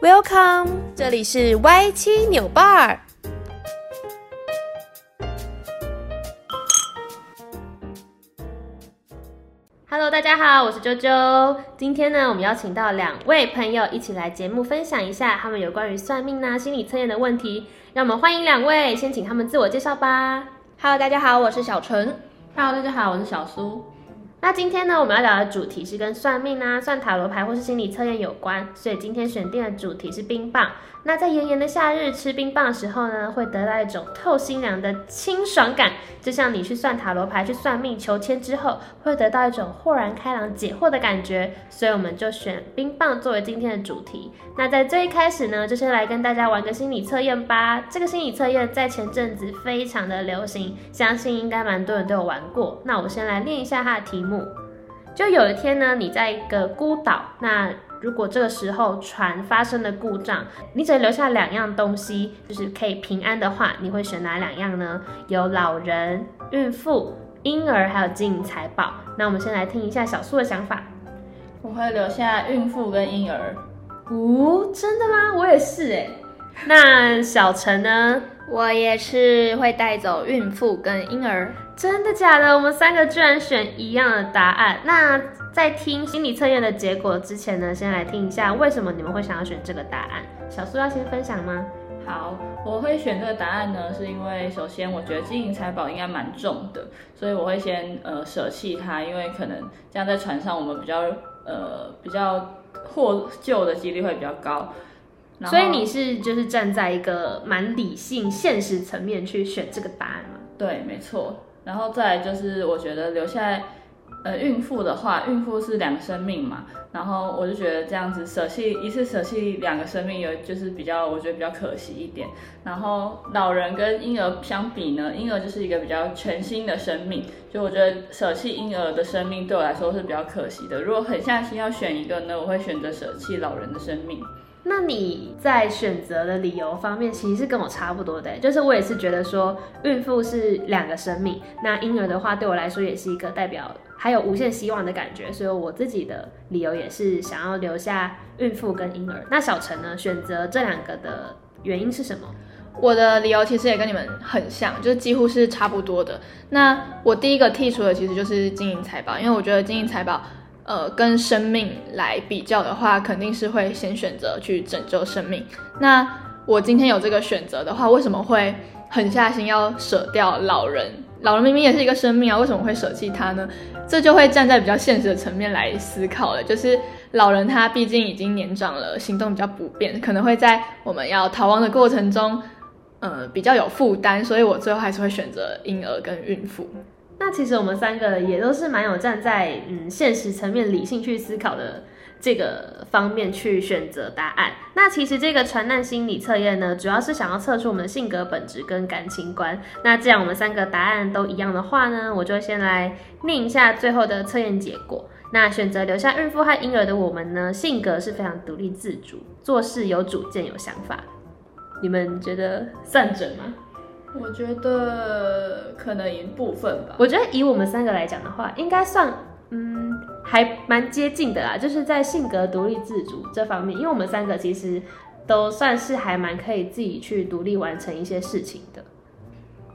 Welcome，這裡是歪七扭八。Hello，大家好，我是啾啾。今天呢，我們邀請到兩位朋友一起來節目，分享一下他們有關於算命吶、啊、心理測驗的問題。讓我們歡迎兩位，先請他們自我介紹吧。Hello，大家好，我是小陳。Hello，大家好，我是小蘇。那今天呢，我們要聊的主題是跟算命啊、算塔羅牌或是心理測驗有關，所以今天選定的主題是冰棒。那在炎炎的夏日吃冰棒的時候呢，會得到一種透心涼的清爽感，就像你去算塔羅牌、去算命、求籤之後，會得到一種豁然開朗、解惑的感覺。所以我們就選冰棒作為今天的主題。那在最一開始呢，就先來跟大家玩個心理測驗吧。這個心理測驗在前陣子非常的流行，相信應該蠻多人都有玩過。那我先來念一下它的題目。就有一天呢，你在一個孤島，那如果這個時候船發生了故障，你只留下兩樣東西，就是可以平安的話，你會選哪兩樣呢？有老人、孕婦、嬰兒，還有金銀財寶。那我們先來聽一下小蘇的想法。我會留下孕婦跟嬰兒。哦，真的嗎？我也是誒， 那小陳呢？我也是會帶走孕婦跟嬰兒。真的假的？我們三個居然選一樣的答案。那在聽心理測驗的結果之前呢，先來聽一下為什麼你們會想要選這個答案。小蘇要先分享嗎？好，我會選這個答案呢，是因為首先我覺得金銀財寶應該蠻重的，所以我會先呃捨棄它，因為可能這樣在船上我們比較呃比較獲救的幾率會比較高。所以你是就是站在一個蠻理性現實層面去選這個答案嗎？對，沒錯。然後再來就是，我覺得留下來，呃，孕婦的話，孕婦是兩個生命嘛。然後我就覺得這樣子捨棄一次捨棄兩個生命，有就是比較，我覺得比較可惜一點。然後老人跟嬰兒相比呢，嬰兒就是一個比較全新的生命，就我覺得捨棄嬰兒的生命對我來說是比較可惜的。如果狠下心要選一個呢，我會選擇捨棄老人的生命。那你在選擇的理由方面，其實是跟我差不多的，就是我也是覺得說，孕婦是兩個生命，那嬰兒的話對我來說也是一個代表還有無限希望的感覺，所以我自己的理由也是想要留下孕婦跟嬰兒。那小陳呢，選擇這兩個的原因是什麼？我的理由其實也跟你們很像，就是幾乎是差不多的。那我第一個剔除的其實就是金銀財寶，因為我覺得金銀財寶。呃，跟生命來比較的話，肯定是會先選擇去拯救生命。那我今天有這個選擇的話，為什麼會狠下心要捨掉老人？老人明明也是一個生命啊，為什麼會捨棄他呢？這就會站在比較現實的層面來思考了。就是老人他畢竟已經年長了，行動比較不便，可能會在我們要逃亡的過程中，呃，比較有負擔。所以我最後還是會選擇嬰兒跟孕婦。那其實我們三個也都是蠻有站在嗯現實層面理性去思考的這個方面去選擇答案。那其實這個船難心理測驗呢，主要是想要測出我們的性格本質跟感情觀。那既然我們三個答案都一樣的話呢，我就先來念一下最後的測驗結果。那選擇留下孕婦和嬰兒的我們呢，性格是非常獨立自主，做事有主見有想法。你們覺得算準嗎？我覺得可能一部分吧。我覺得以我們三個來講的話，應該算，嗯，還蠻接近的啦。就是在性格獨立自主這方面，因為我們三個其實都算是還蠻可以自己去獨立完成一些事情的。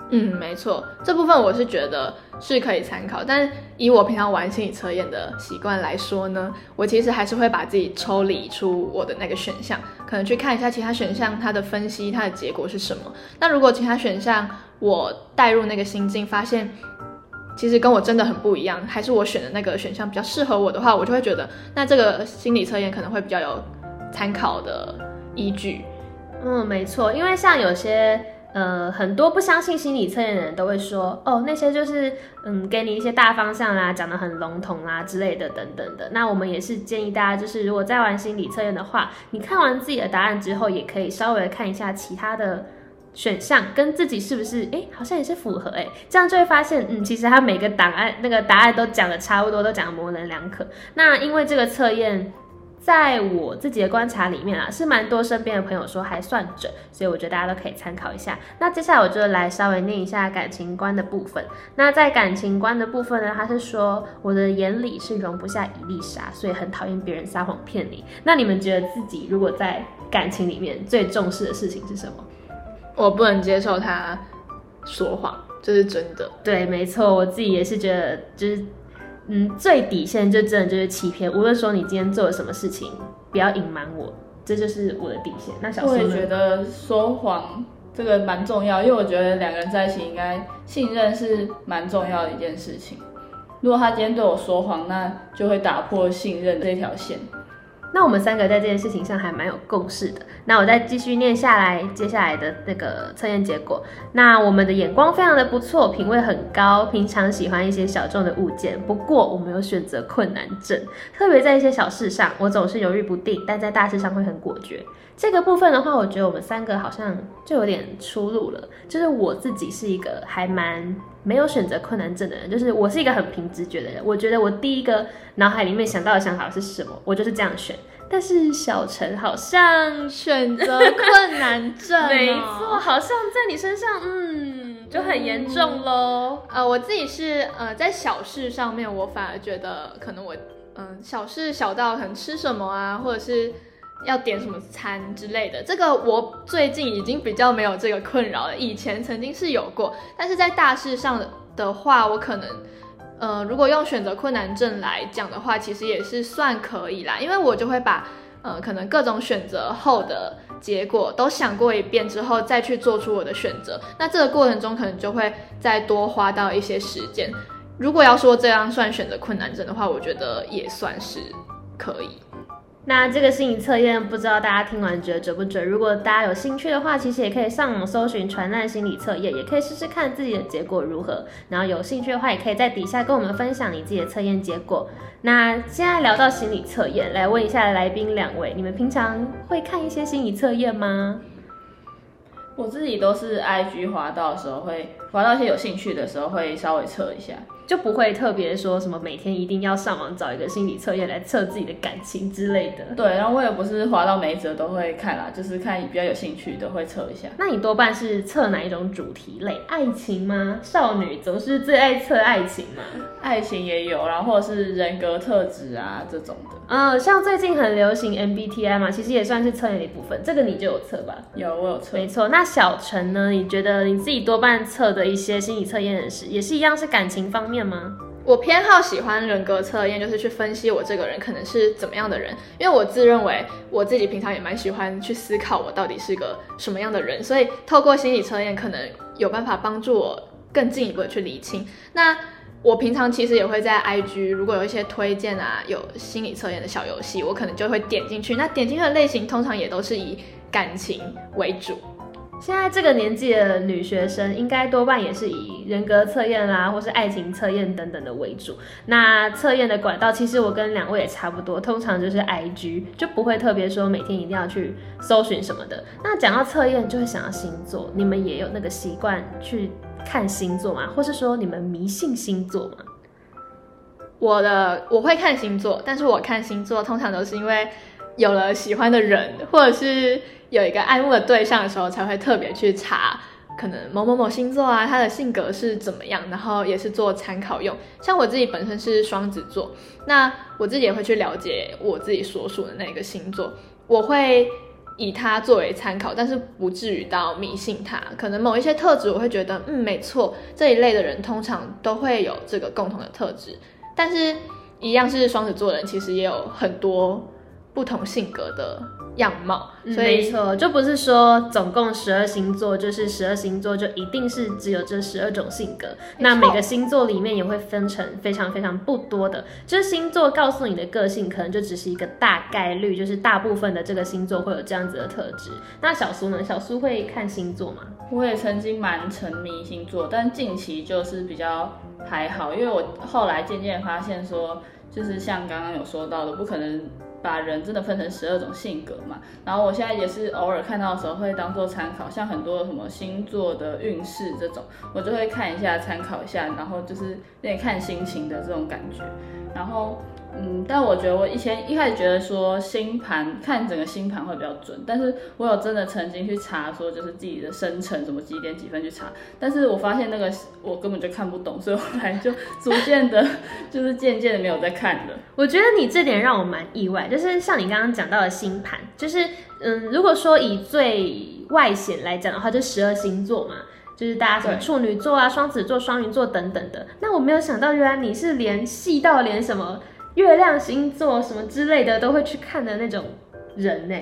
嗯，沒錯，這部分我是覺得是可以參考。但以我平常玩心理測驗的習慣來說呢，我其實還是會把自己抽離出我的那個選項。可能去看一下其他選項，它的分析，它的結果是什麼？那如果其他選項我帶入那個心境，發現其實跟我真的很不一樣，還是我選的那個選項比較適合我的話，我就會覺得那這個心理測驗可能會比較有參考的依據。嗯，沒錯，因為像有些。呃，很多不相信心理測驗的人都會說，哦，那些就是，嗯，給你一些大方向啦，講得很籠統啦之類的，等等的。那我們也是建議大家，就是如果在玩心理測驗的話，你看完自己的答案之後，也可以稍微看一下其他的選項，跟自己是不是，誒，好像也是符合、欸，誒這樣就會發現，嗯，其實他每個答案那個答案都講的差不多，都講的模棱兩可。那因為這個測驗。在我自己的觀察裡面啊，是蠻多身邊的朋友說還算準，所以我覺得大家都可以參考一下。那接下來我就來稍微念一下感情觀的部分。那在感情觀的部分呢，他是說我的眼裡是容不下一粒沙，所以很討厭別人撒謊騙你。那你們覺得自己如果在感情裡面最重視的事情是什麼？我不能接受他說謊，這是真的。對，沒錯，我自己也是覺得就是。嗯，最底線就真的就是欺騙。無論說你今天做了什麼事情，不要隱瞞我，這就是我的底線。那小叔，我也覺得說謊這個蠻重要，因為我覺得兩個人在一起，應該信任是蠻重要的一件事情。如果他今天對我說謊，那就會打破信任這條線。那我們三個在這件事情上還蠻有共識的。那我再繼續念下來，接下來的那個測驗結果。那我們的眼光非常的不錯，品味很高，平常喜歡一些小眾的物件。不過我沒有選擇困難症，特別在一些小事上，我總是猶豫不定，但在大事上會很果決。這個部分的話，我覺得我們三個好像就有點出入了。就是我自己是一個還蠻。沒有選擇困難症的人，就是我是一個很憑直覺的人。我覺得我第一個腦海裡面想到的想法是什麼，我就是這樣選。但是小陳好像選擇困難症，哦， 沒錯，好像在你身上，嗯，就很嚴重嘍，嗯。呃，我自己是呃在小事上面，我反而覺得可能我，嗯、呃，小事小到可能吃什麼啊，或者是。要點什麼餐之類的，這個我最近已經比較沒有這個困擾了。以前曾經是有過，但是在大事上的話，我可能，呃，如果用選擇困難症來講的話，其實也是算可以啦。因為我就會把，呃，可能各種選擇後的結果都想過一遍之後，再去做出我的選擇。那這個過程中可能就會再多花到一些時間。如果要說這樣算選擇困難症的話，我覺得也算是可以。那這個心理測驗，不知道大家聽完覺得準不準？如果大家有興趣的話，其實也可以上網搜尋船難心理測驗，也可以試試看自己的結果如何。然後有興趣的話，也可以在底下跟我們分享你自己的測驗結果。那現在聊到心理測驗，來問一下來賓兩位，你們平常會看一些心理測驗嗎？我自己都是 I G 滑到的時候會，會滑到一些有興趣的時候，會稍微測一下，就不會特別說什麼每天一定要上網找一個心理測驗來測自己的感情之類的。對，然後我也不是滑到每一則都會看啦，就是看比較有興趣的會測一下。那你多半是測哪一種主題類？愛情嗎？少女總是最愛測愛情嘛？愛情也有，然後或者是人格特質啊這種。呃、哦，像最近很流行 MBTI 嘛，其實也算是測驗的一部分。這個你就有測吧？有，我有測。沒錯，那小陳呢？你覺得你自己多半測的一些心理測驗人士，也是一樣是感情方面嗎？我偏好喜歡人格測驗，就是去分析我這個人可能是怎麼樣的人，因為我自認為我自己平常也蠻喜歡去思考我到底是個什麼樣的人，所以透過心理測驗可能有辦法幫助我更進一步的去理清。那我平常其實也會在 IG，如果有一些推薦啊，有心理測驗的小遊戲，我可能就會點進去。那點進去的類型通常也都是以感情為主。現在這個年紀的女學生，應該多半也是以人格測驗啦、啊，或是愛情測驗等等的為主。那測驗的管道，其實我跟兩位也差不多，通常就是 IG，就不會特別說每天一定要去搜尋什麼的。那講到測驗，就會想到星座，你們也有那個習慣去？看星座嗎？或是說你們迷信星座嗎？我的，我會看星座，但是我看星座通常都是因為有了喜歡的人，或者是有一個愛慕的對象的時候，才會特別去查，可能某某某星座啊，他的性格是怎麼樣，然後也是做參考用。像我自己本身是雙子座，那我自己也會去了解我自己所屬的那個星座，我會。以他作為參考，但是不至於到迷信他。可能某一些特質，我會覺得，嗯，沒錯，這一類的人通常都會有這個共同的特質。但是，一樣是雙子座的人，其實也有很多不同性格的。樣貌，嗯、沒錯，就不是說總共十二星座，就是十二星座就一定是只有這十二種性格。欸、那每個星座裡面也會分成非常非常不多的。欸、就是星座告訴你的個性，可能就只是一個大概率，就是大部分的這個星座會有這樣子的特質。那小蘇呢？小蘇會看星座嗎？我也曾經蠻沉迷星座，但近期就是比較還好，因為我後來漸漸發現說。就是像剛剛有說到的，不可能把人真的分成十二種性格嘛。然後我現在也是偶爾看到的時候會當做參考，像很多什麼星座的運勢這種，我就會看一下參考一下，然後就是有點看心情的這種感覺。然後。嗯，但我覺得我以前一開始覺得說星盤，看整個星盤會比較準，但是我有真的曾經去查說就是自己的生辰什麼幾點幾分去查，但是我發現那個我根本就看不懂，所以後來就逐漸的， 就是漸漸的沒有再看了。我覺得你這點讓我蠻意外，就是像你剛剛講到的星盤，就是嗯，如果說以最外顯來講的話，就十二星座嘛，就是大家什麼處女座啊、雙對子座、雙魚座等等的，那我沒有想到原來你是連細到連什麼，月亮星座什麼之類的都會去看的那種人呢？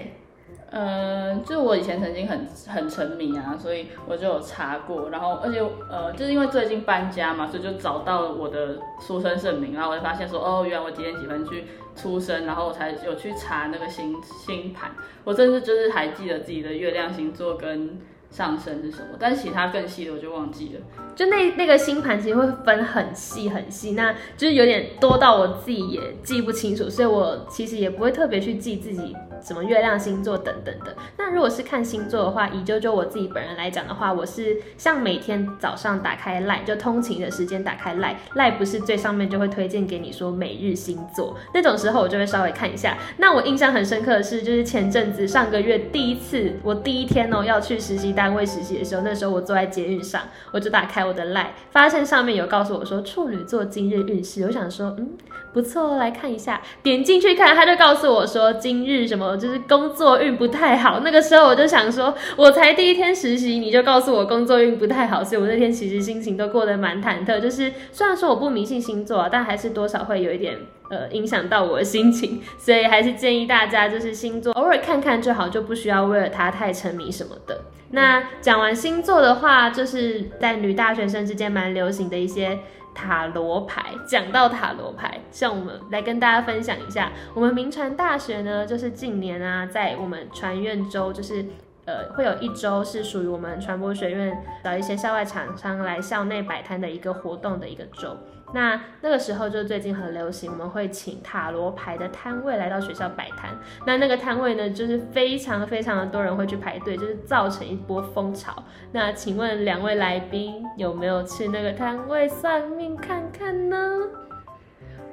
嗯、呃、就我以前曾經很很沉迷啊，所以我就有查過，然後而且呃，就是因為最近搬家嘛，所以就找到我的出生證明，然後我就發現說，哦，原來我幾點幾分去出生，然後我才有去查那個星星盤，我甚至就是還記得自己的月亮星座跟。上升是什麼？但其他更細的我就忘記了。就那那個星盤其實會分很細很細，那就是有點多到我自己也記不清楚，所以我其實也不會特別去記自己，什麼月亮星座等等的。那如果是看星座的話，以就就我自己本人來講的話，我是像每天早上打開 LINE，就通勤的時間打開 LINE，LINE 不是最上面就會推薦給你說每日星座那種時候，我就會稍微看一下。那我印象很深刻的是，就是前陣子上個月第一次，我第一天哦要去實習單位實習的時候，那時候我坐在捷運上，我就打開我的 LINE，發現上面有告訴我說處女座今日運勢。我想說，嗯，不錯哦，來看一下。點進去看，他就告訴我說今日什麼。就是工作運不太好，那個時候我就想說，我才第一天實習，你就告訴我工作運不太好，所以我那天其實心情都過得蠻忐忑。就是雖然說我不迷信星座，啊，但還是多少會有一點呃影響到我的心情，所以還是建議大家就是星座偶爾看看就好，就不需要為了他太沉迷什麼的。那講完星座的話，就是在女大學生之間蠻流行的一些。塔羅牌，講到塔羅牌，像我們來跟大家分享一下，我們銘傳大學呢，就是近年啊，在我們傳院周就是。呃，會有一周是屬於我們傳播學院找一些校外廠商來校內擺攤的一個活動的一個周。那那個時候就最近很流行，我們會請塔羅牌的攤位來到學校擺攤。那那個攤位呢，就是非常非常的多人會去排隊，就是造成一波風潮。那請問兩位來賓有沒有去那個攤位算命看看呢？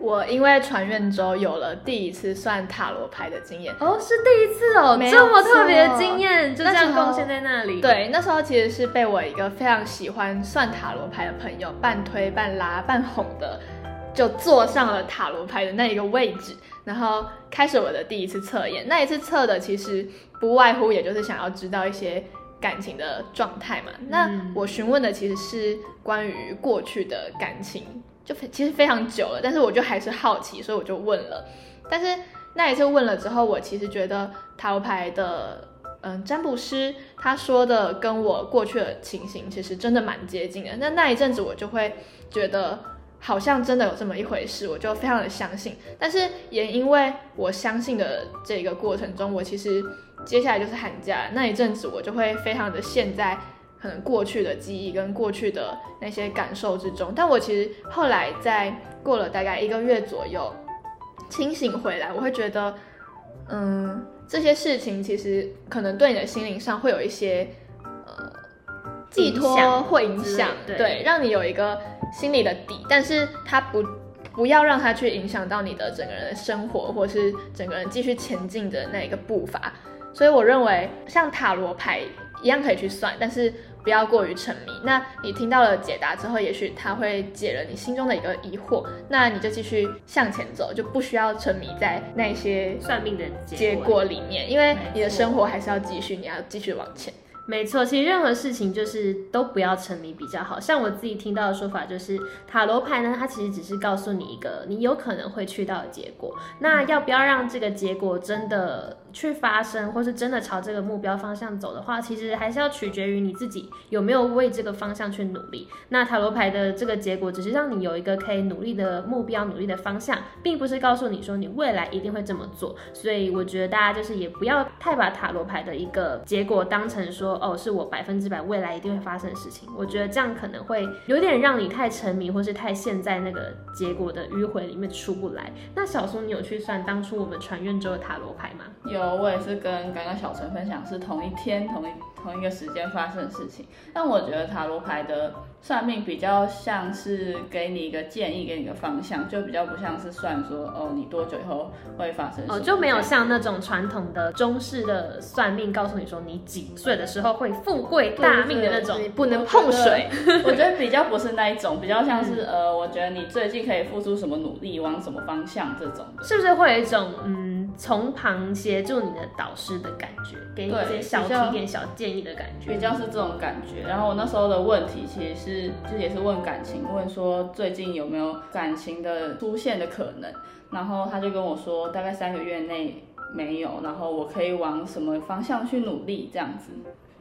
我因為傳院週有了第一次算塔羅牌的經驗哦，是第一次哦，沒錯，這麼特別的經驗，就這樣貢獻在那裡。對，那時候其實是被我一個非常喜歡算塔羅牌的朋友、嗯、半推半拉半哄的，就坐上了塔羅牌的那一個位置，然後開始我的第一次測驗。那一次測的其實不外乎也就是想要知道一些感情的狀態嘛。嗯、那我詢問的其實是關於過去的感情。就非，其實非常久了，但是我就還是好奇，所以我就問了。但是那一次問了之後，我其實覺得塔羅牌的嗯，占卜師他說的跟我過去的情形其實真的蠻接近的。那那一陣子我就會覺得好像真的有這麼一回事，我就非常的相信。但是也因為我相信的這個過程中，我其實接下來就是寒假那一陣子，我就會非常的陷在。可能過去的記憶跟過去的那些感受之中，但我其實後來在過了大概一個月左右，清醒回來，我會覺得，嗯，這些事情其實可能對你的心靈上會有一些呃寄托會影響，對，對，讓你有一個心理的底，但是它不不要讓它去影響到你的整個人的生活，或是整個人繼續前進的那一個步伐。所以我認為像塔羅牌一樣可以去算，但是。不要過於沉迷。那你聽到了解答之後，也許他會解了你心中的一個疑惑。那你就繼續向前走，就不需要沉迷在那些算命的結果裡面，因為你的生活還是要繼續，你要繼續往前。沒錯，其實任何事情就是都不要沉迷比較好。像我自己聽到的說法，就是塔羅牌呢，它其實只是告訴你一個你有可能會去到的結果。那要不要讓這個結果真的去發生，或是真的朝這個目標方向走的話，其實還是要取決於你自己有沒有為這個方向去努力。那塔羅牌的這個結果只是讓你有一個可以努力的目標、努力的方向，並不是告訴你說你未來一定會這麼做。所以我覺得大家就是也不要太把塔羅牌的一個結果當成說哦，是我百分之百未來一定會發生的事情。我覺得這樣可能會有點讓你太沉迷，或是太陷在那個結果的迂回裡面出不來。那小蘇你有去算當初我們傳願之後塔羅牌嗎？有。我也是跟剛剛小陳分享是同一天同一同一個時間發生的事情，但我覺得塔羅牌的算命比較像是給你一個建議，給你個方向，就比較不像是算說哦你多久以後會發生哦就沒有像那種傳統的中式的算命告訴你說你幾歲的時候會富貴大命的那種，是你不能碰水，我覺, 我覺得比較不是那一種，比較像是、嗯、呃，我覺得你最近可以付出什麼努力，往什麼方向這種的，是不是會有一種嗯？從旁協助你的導師的感覺，給你一些小提點、小建議的感覺比，比較是這種感覺。然後我那時候的問題其實是，就也是問感情，問說最近有沒有感情的出現的可能。然後他就跟我說，大概三個月內沒有。然後我可以往什麼方向去努力，這樣子。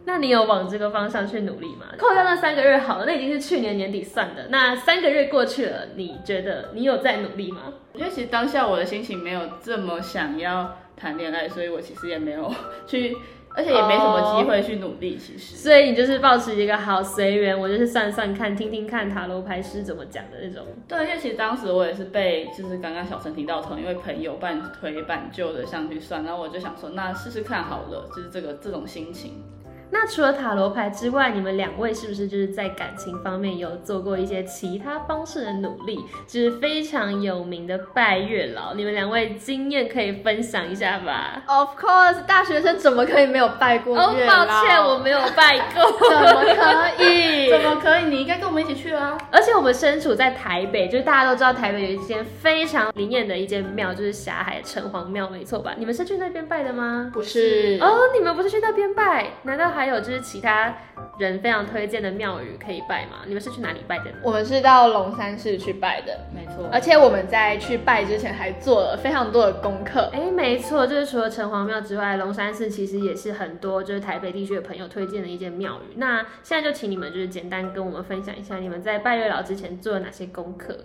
那你有往這個方向去努力嗎？扣掉那三個月好了，那已經是去年年底算的。那三個月過去了，你覺得你有在努力嗎？我覺得其實當下我的心情沒有這麼想要談戀愛，所以我其實也沒有去，而且也沒什麼機會去努力。其實，oh, 所以你就是抱持一個好隨緣，我就是算算看，聽聽看塔羅牌是怎麼講的那種。對，因為其實當時我也是被就是剛剛小陳提到，因為朋友半推半就的上去算，然後我就想說，那試試看好了，就是這個這種心情。那除了塔羅牌之外，你們兩位是不是就是在感情方面有做過一些其他方式的努力？就是非常有名的拜月老，你們兩位經驗可以分享一下吧？Of course，大學生怎麼可以沒有拜過月老？哦，oh, 抱歉，我沒有拜過， 怎麼可以？ 怎麼可以？你應該跟我們一起去啊！而且我們身處在台北，就是大家都知道台北有一間非常靈驗的一間廟，就是霞海城隍廟，沒錯吧？你們是去那邊拜的嗎？不是哦，oh, 你們不是去那邊拜？難道還？還有就是其他人非常推薦的廟宇可以拜嗎？你們是去哪裡拜的？我們是到龍山寺去拜的，沒錯。而且我們在去拜之前還做了非常多的功課。哎，沒錯，就是除了城隍廟之外，龍山寺其實也是很多就是台北地區的朋友推薦的一間廟宇。那現在就請你們就是簡單跟我們分享一下，你們在拜月老之前做了哪些功課？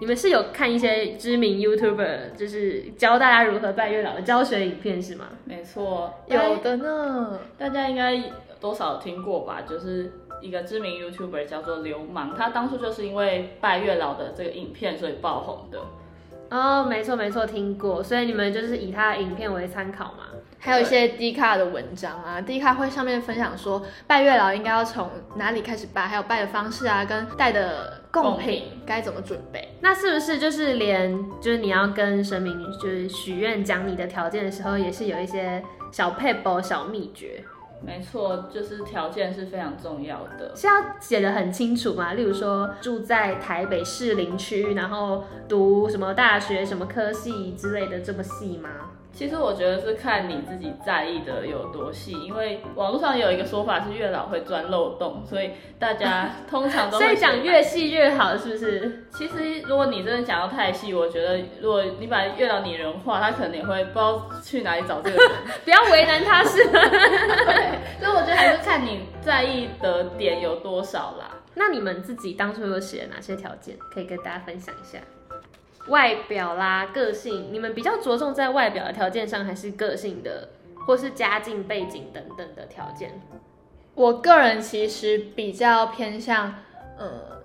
你們是有看一些知名 YouTuber，就是教大家如何拜月老的教學影片是嗎？沒錯，有的呢。大家應該多少聽過吧？就是一個知名 YouTuber 叫做流氓，他當初就是因為拜月老的這個影片，所以爆紅的。哦，oh, 沒錯沒錯，聽過，所以你們就是以他的影片為參考嘛，對還有一些 Dcard 的文章啊，Dcard 會上面分享說拜月老應該要從哪裡開始拜，還有拜的方式啊，跟帶的貢品，貢品該怎麼準備，那是不是就是連就是你要跟神明就是許願講你的條件的時候，也是有一些小撇步小秘訣。沒錯，就是條件是非常重要的，是要寫得很清楚嗎？例如說住在台北士林區，然後讀什麼大學、什麼科系之類的，這麼細嗎？其實我覺得是看你自己在意的有多細，因為網絡上有一個說法是月老會鑽漏洞，所以大家通常都會講越細越好，是不是？其實如果你真的講到太細，我覺得如果你把月老擬人化，他可能也會不知道去哪裡找這個人， 不要為難他是，是嗎？ 對，所以我覺得還是看你在意的點有多少啦。那你們自己當初有寫哪些條件，可以跟大家分享一下？外表啦，個性，你們比較着重在外表的條件上，還是個性的，或是家境背景等等的條件？我個人其實比較偏向，呃，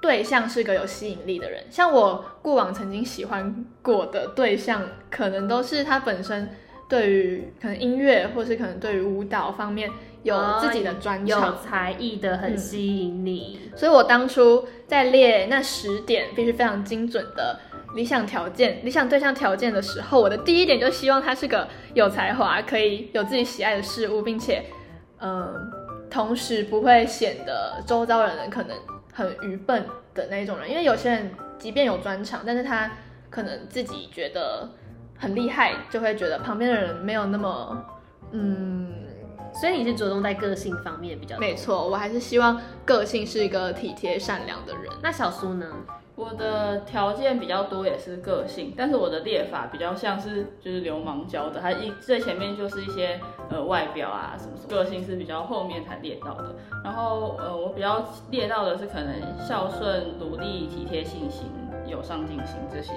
對象是個有吸引力的人。像我過往曾經喜歡過的對象，可能都是他本身對於可能音樂，或是可能對於舞蹈方面有自己的專長，哦，有才藝的，很吸引你。嗯。所以我當初在列那十點，必須非常精準的。理想條件、理想對象條件的時候，我的第一點就希望他是個有才華、可以有自己喜愛的事物，並且，嗯，同時不會顯得周遭的人可能很愚笨的那一種人。因為有些人即便有專長，但是他可能自己覺得很厲害，嗯、就會覺得旁邊的人沒有那麼，嗯。嗯，所以你是着重在個性方面比較？沒錯，我還是希望個性是一個體貼、善良的人。那小蘇呢？我的條件比較多，也是個性，但是我的列法比較像是就是流氓教的，它一最前面就是一些呃外表啊什麼什麼，個性是比較後面才列到的。然後呃，我比較列到的是可能孝順、努力、體貼、信心、有上進心這些。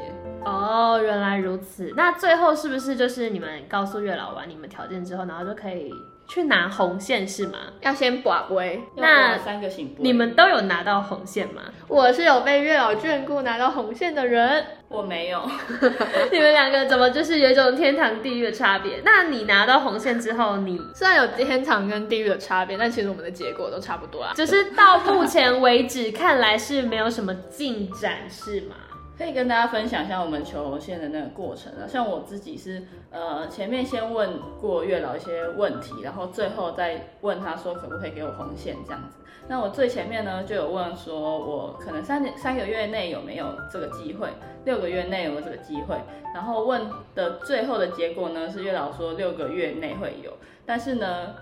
哦，oh, 原來如此。那最後是不是就是你們告訴月老完你們條件之後，然後就可以？去拿紅線是嗎？要先博杯。那三個聖杯你們都有拿到紅線嗎？我是有被月老眷顧拿到紅線的人，我沒有。 你們兩個怎麼就是有一種天堂地獄的差別？那你拿到紅線之後你，你雖然有天堂跟地獄的差別，但其實我們的結果都差不多啊。只是到目前為止， 看來是沒有什麼進展，是嗎？可以跟大家分享一下我們求紅線的那個過程啊，像我自己是，呃，前面先問過月老一些問題，然後最後再問他說可不可以給我紅線這樣子。那我最前面呢就有問說，我可能三年三個月內有沒有這個機會，六個月內有沒有這個機會。然後問的最後的結果呢是月老說六個月內會有，但是呢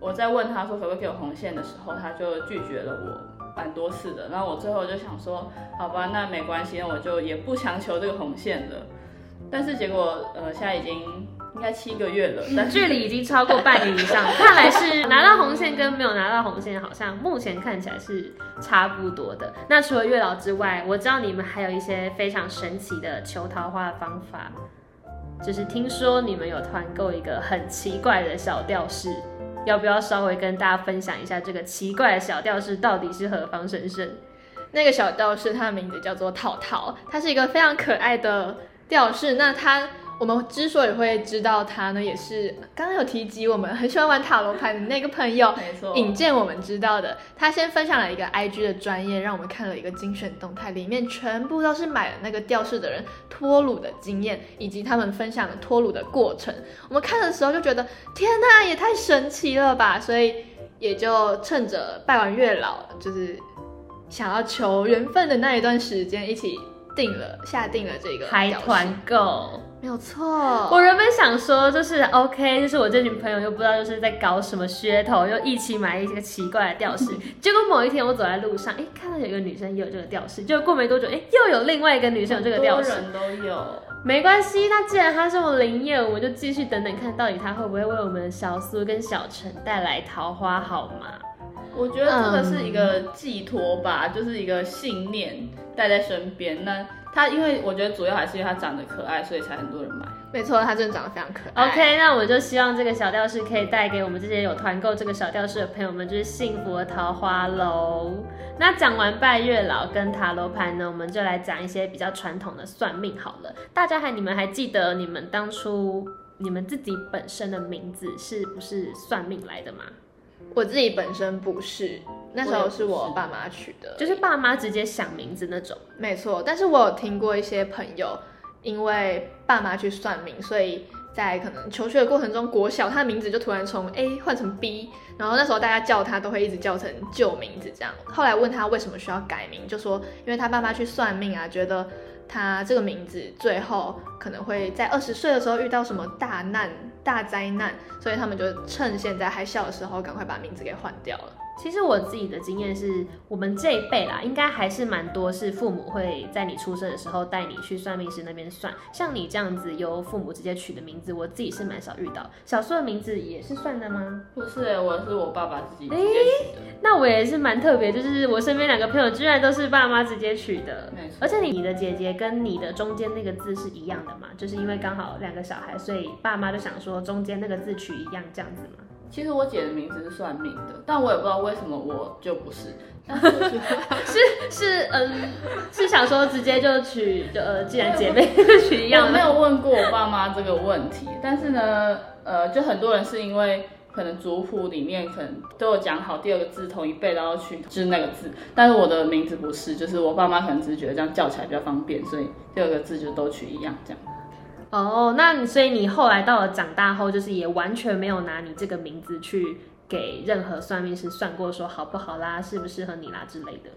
我在問他說可不可以給我紅線的時候，他就拒絕了我。蠻多次的，然後我最後就想說，好吧，那沒關係，我就也不強求這個紅線了。但是結果，呃，現在已經應該七個月了，距離已經超過半年以上。看來是拿到紅線跟沒有拿到紅線，好像目前看起來是差不多的。那除了月老之外，我知道你們還有一些非常神奇的求桃花的方法，就是聽說你們有團購一個很奇怪的小吊飾。要不要稍微跟大家分享一下這個奇怪的小吊飾到底是何方神聖？那個小吊飾，它的名字叫做套套，它是一個非常可愛的吊飾。那它。我們之所以會知道他呢，也是剛剛有提及，我們很喜歡玩塔羅牌的那個朋友沒錯引薦我們知道的。他先分享了一個 I G 的專頁，讓我們看了一個精選動態，裡面全部都是買了那個吊飾的人脫魯的經驗，以及他們分享脫魯的過程。我們看的時候就覺得，天哪，也太神奇了吧！所以也就趁着拜完月老，就是想要求緣分的那一段時間，一起定了下定了這個還團購。沒有錯，我原本想說就是 OK，就是我這群朋友又不知道就是在搞什麼噱頭，又一起買一些奇怪的吊飾。 結果某一天我走在路上誒，看到有一個女生也有這個吊飾，結果過沒多久誒，又有另外一個女生有這個吊飾，很多人都有，沒關係。那既然他是我鄰友，我就繼續等等看到底他會不會為我們小蘇跟小陳帶來桃花，好嗎？我覺得這個是一個寄託吧，嗯、就是一個信念，帶在身邊那。它因為我覺得主要還是因為它長得可愛，所以才很多人買。沒錯，它真的長得非常可愛。OK，那我就希望這個小吊飾可以帶給我們這些有團購這個小吊飾的朋友們，就是幸福的桃花嘍。那講完拜月老跟塔羅牌呢，我們就來講一些比較傳統的算命好了。大家還你們還記得你們當初你們自己本身的名字是不是算命來的嗎？我自己本身不是，那時候是我爸媽取的，就是爸媽直接想名字那種。沒錯，但是我有聽過一些朋友，因為爸媽去算命，所以在可能求學的過程中，國小，他的名字就突然從 A 換成 B，然後那時候大家叫他都會一直叫成舊名字這樣。後來問他為什麼需要改名，就說因為他爸媽去算命啊，覺得他這個名字最後可能會在二十歲的時候遇到什麼大難。大災難，所以他們就趁現在還小的時候，趕快把名字給換掉了。其實我自己的經驗是，我們這一輩啦，應該還是蠻多是父母會在你出生的時候帶你去算命師那邊算。像你這樣子由父母直接取的名字，我自己是蠻少遇到。小叔的名字也是算的嗎？不是，我是我爸爸自己直接取的。欸、那我也是蠻特別，就是我身邊兩個朋友居然都是爸媽直接取的。沒錯。而且你你的姐姐跟你的中間那個字是一樣的嘛？就是因為剛好兩個小孩，所以爸媽就想說中間那個字取一樣這樣子嘛。其實我姐的名字是算命的，但我也不知道為什麼我就不是。是是嗯，是想說直接就取就，呃，既然姐妹取一樣，我沒有問過我爸媽這個問題。 但是呢，呃，就很多人是因為可能族譜裡面可能都有講好第二個字同一輩，然後取就是那個字。但是我的名字不是，就是我爸媽可能只是覺得這樣叫起來比較方便，所以第二個字就都取一樣這樣。哦，oh, 那所以你後來到了長大後，就是也完全沒有拿你這個名字去給任何算命師算過，說好不好啦，適不適合你啦之類的。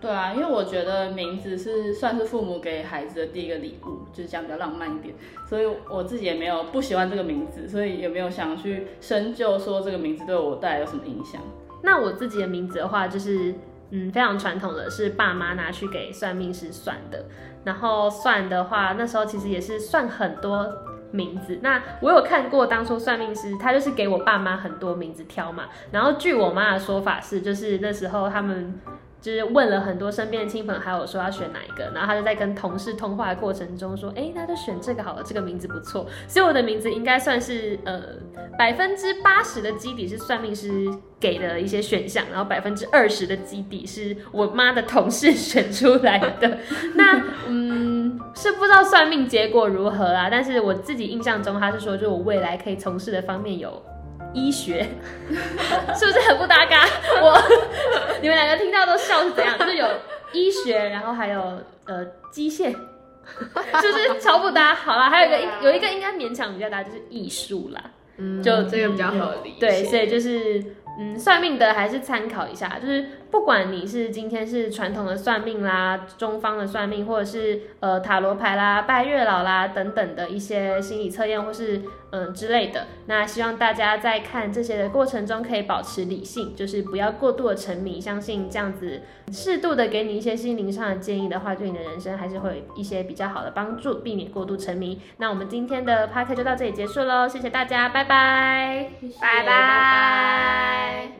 對啊，因為我覺得名字是算是父母給孩子的第一個禮物，就是這樣比較浪漫一點。所以我自己也沒有不喜歡這個名字，所以也沒有想去深究說這個名字對我帶來有什麼影響。那我自己的名字的話，就是。嗯，非常傳統的是爸媽拿去給算命師算的，然後算的話，那時候其實也是算很多名字。那我有看過，當初算命師他就是給我爸媽很多名字挑嘛，然後據我媽的說法是，就是那時候他們。就是問了很多身邊的親朋好友說要選哪一個，然後他就在跟同事通話的過程中說，哎，那就選這個好了，這個名字不錯。所以我的名字應該算是呃百分之八十的基底是算命師給的一些選項，然後百分之二十的基底是我媽的同事選出來的。 那嗯是不知道算命結果如何啦，但是我自己印象中他是說，就我未來可以從事的方面有，醫學 是不是很不搭嘎？我你們兩個聽到都笑是怎樣？就是有醫學，然後還有呃機械， 是不是超不搭，啊？好啦，還有一個、啊、有一個應該勉強比較搭，就是藝術啦，嗯、就這個比較合理。對，所以就是嗯，算命的還是參考一下，就是。不管你是今天是傳統的算命啦，中方的算命，或者是呃塔羅牌啦、拜月老啦等等的一些心理測驗，或是嗯之類的，那希望大家在看這些的過程中可以保持理性，就是不要過度的沉迷。相信這樣子適度的給你一些心靈上的建議的話，對你的人生還是會有一些比較好的幫助，避免過度沉迷。那我們今天的 podcast 就到這裡結束嘍，謝謝大家，拜拜，拜拜，謝謝。Bye bye